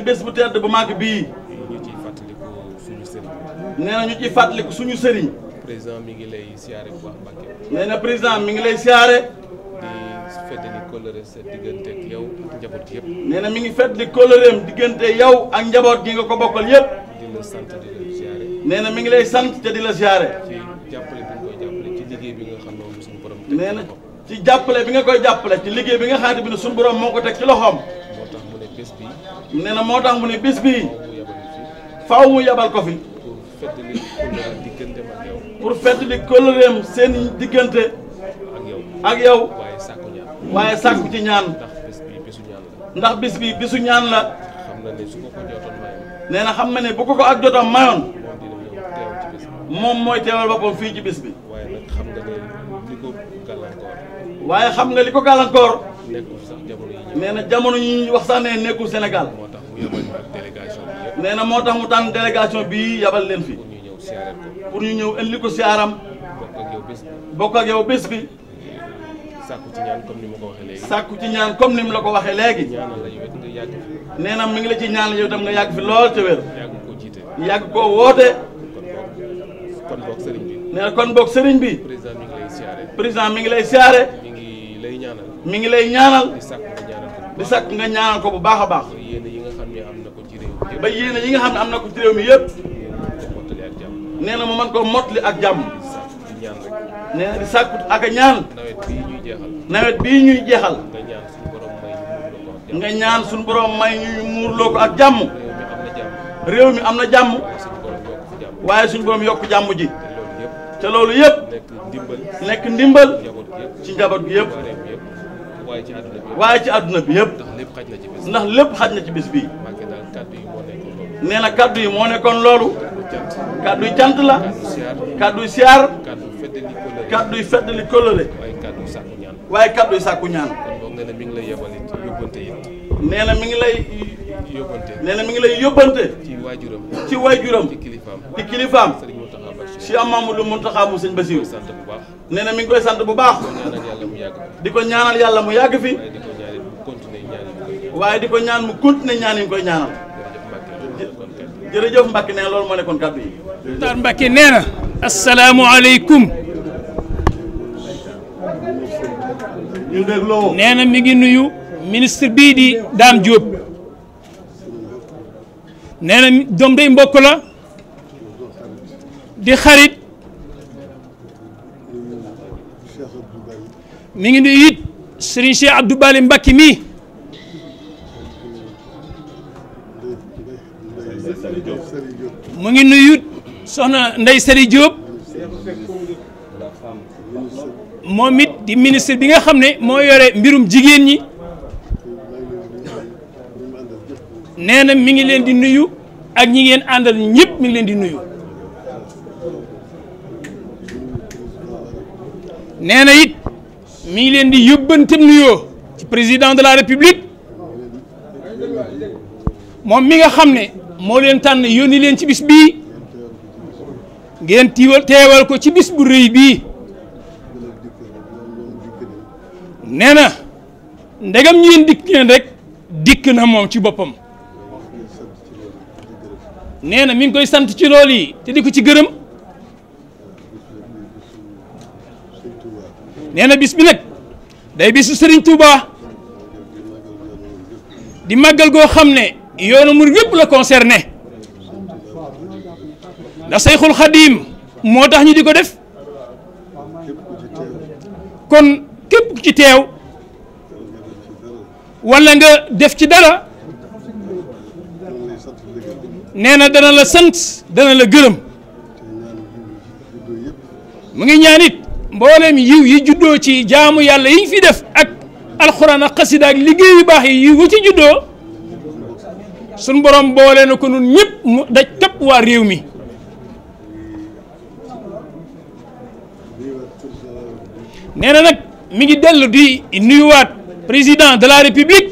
ci bés bu tedd bu màgg bii. ñu ciy fàttaliku suñu sëriñ. nee na ñu ciy fàttaliku suñu sëriñ. président mi ngi lay siyaare bu baax Mbacke. nee président mi ngi lay siyaare. di fàttali kóllëre sa diggante ak yow ak njaboot yëpp. nee na mi ngi fàttali kóllëreem diggante yow ak njaboot gi nga ko bokkal yëpp. di la sant di siyaare. nee na mi ngi lay sant ca di la siyaare. ci jàppale bi nga koy jàppale ci liggéey bi nga xam ne moom suñu borom. nee na ci jàppale bi nga koy jàppale ci liggéey bi nga xamante bi ne borom moo ko teg ci loxoom. nee na moo tax mu ne bis bii faaw mu yabal ko fi. pour fett li seen diggante. ak yow waaye sàkku ci ñaan. ndax bis bii bisu ñaan la. nee na xam na ne bu ko ak jotam mayoon. moom mooy teewal boppam fii ci bis bi. waaye xam nga li ko gàllankoor. nee na jamono yi ñuy wax sax ne nekkul senegal nee na moo tax mu tànn délégation bi yabal leen fi. pour ñu ñëw indi ko siyaaram. bokk ak yow bés bi. sàkku ci ñaan comme ni ma ko waxee léegi. ci ñaan comme ni mu la ko waxee léegi. nee na mi ngi la ci ñaan yow tam nga yàgg fi lool te wér. yàgg koo woote. kon boog sëriñ bi. nee na kon boog sëriñ bi. président mi ngi lay siyaare. président mi ngi lay siyaare. mi ngi lay ñaanal. mi ngi lay ñaanal. sàkk nga ñaanal ko bu baax ba yéene yi nga xam ne am na ko ci réew mi yëpp nee na mu mën ko motli ak jàmm nee di sàkku ak a ñaan nawet bii ñuy jeexal nga ñaan suñu borom may ñuy muurloo ak jàmm réew mi am na jàmm waaye suñu borom yokk jàmm ji te loolu yëpp nekk ndimbal ci njaboot gi waaye ci àdduna bi bi yëpp. ndax lépp xaj na ci bis ndax lépp na ci bis na kaddu yi moo nekkoon loolu. kaddu yi cant la. kaddu yi siyaar. kaddu yi feddali kóllëre. kaddu yi feddali kóllëre. waaye kaddu yi sàkku ñaan. waaye kaddu yi sàkku ñaan. kon nee na mi ngi lay yebal it yóbbante it. nee na mi ngi lay. yóbbante nee na mi ngi lay yóbbante. ci waajuram. ci waajuram. ci ci kilifaam. Cheikh Mamadou Mountakha mu sëñ Bassirou nee na mi ngi koy sant bu baax di ko ñaanal yàlla mu yàgg fi waaye di ko ñaan mu continuer ñaan yi mu koy ñaanal jërëjëf Mbacke nee na loolu moo nekkoon nee na asalaamualeykum. ñu dégloo nee na ngi nuyu ministre bii di Dame Diop nee na doom day mbokk la. di xarit mi ngi nuyu it Serigne Cheikh Abdou Bali Mbacke mii mu ngi nuyu soxna Ndeye Sari Diop moom it di ministre bi nga xam ne moo yore mbirum jigéen ñi nee na mi ngi leen di nuyu ak ñi ngeen àndal ñëpp mi ngi leen di nuyu. nee na it mi ngi leen di yóbbantam nuyoo ci président de la république moom mi nga xam ne moo leen tànn yónni leen ci bis bii ngeen tiiwal teewal ko ci bis bu rëy bii nee na ndegam ñu leen dikk rek dikk na moom ci boppam nee na mi ngi koy sant ci lool yi te di ko ci gërëm nee na bis bi nag day bisu Serigne Touba di màggal goo xam ne yoonu mur yëpp la concerné ndax Seyxul Xadiim moo tax ñu di ko def kon képp ci teew walla nga def ci dara nee na dana la sant dana la gërëm mu ngi ñaan mboolem yiw yi juddoo ci jaamu yàlla yiñ fi def ak alxuraan ak xasida ak liggéey yu baax yi yiw ci juddoo sun borom boole na ko nun ñëpp mu daj topp waa réew mi nee na nag mi ngi dellu di nuyuwaat président de la république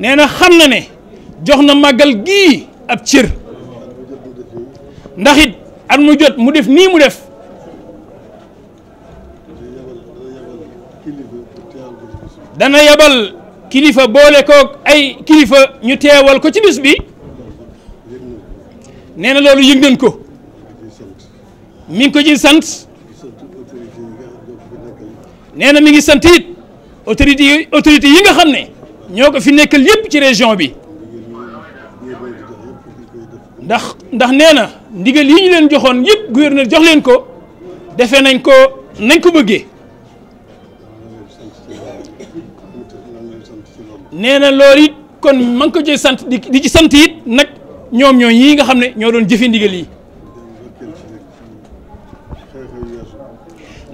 nee na xam na ne jox na màggal gii ab cër ndax at mu jot mu def nii mu def dana yebal kilifa boole koog ay kilifa ñu teewal ko ci bis bi nee na loolu yëg ko mi ngi ko ci sant nee na mi ngi sant it autorité autorité yi nga xam ne ñoo ko fi nekkal yépp ci région bi ndax ndax nee na ndigal yi ñu leen joxoon yëpp gouverneur jox leen ko defe nañ ko nañ ko bëggee nee na loolu kon ma ko cee sant di ci sant it nag ñoom ñoo yi nga xam ne ñoo doon jëfe ndigal yi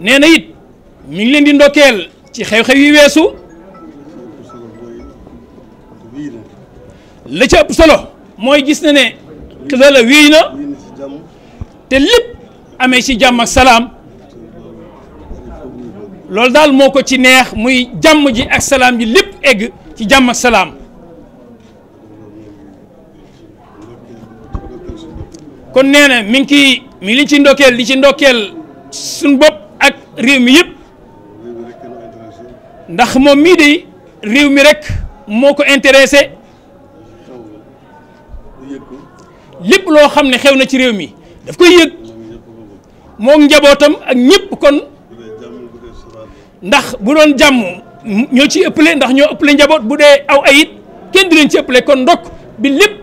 nee na it mi ngi leen di ndokkeel ci xew-xew yi weesu la ci ëpp solo mooy gis na ne te loola na te lépp amee ci jàmm ak salaam loolu daal moo ko ci neex muy jàmm ji ak salaam ji lépp egg ci jàmm ak salaam kon nee na mi ngi kii mi ngi ci ndokkeel di ci ndokkeel suñu bopp ak réew mi yëpp ndax moom mii de réew mi rek moo ko intéressé lépp loo xam ne xew na ci réew mi daf koy yëg moom njabootam ak ñépp kon ndax bu doon jàmm ñoo ci ëppale ndax ñoo ëppale njaboot bu dee aw ayit kenn di leen ci ëppale kon ndokk bi lépp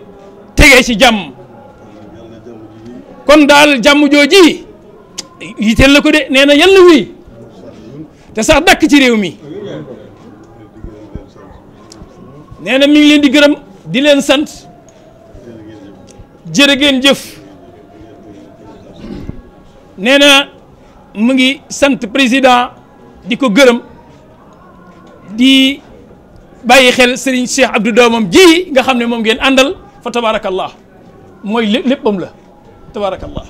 tegee ci jàmm kon daal jàmm jooji yiteel la ko de nee na yàlla wuy te sax dakk ci réew mi nee na mi ngi leen di gërëm di leen sant jërë ngeen jëf nee na mu ngi sant président di ko gërëm di bàyyi xel Serigne Cheikh Abdou doomam ji nga xam ne moom ngeen àndal fa tabaarakallah mooy léppam la tabaarakallah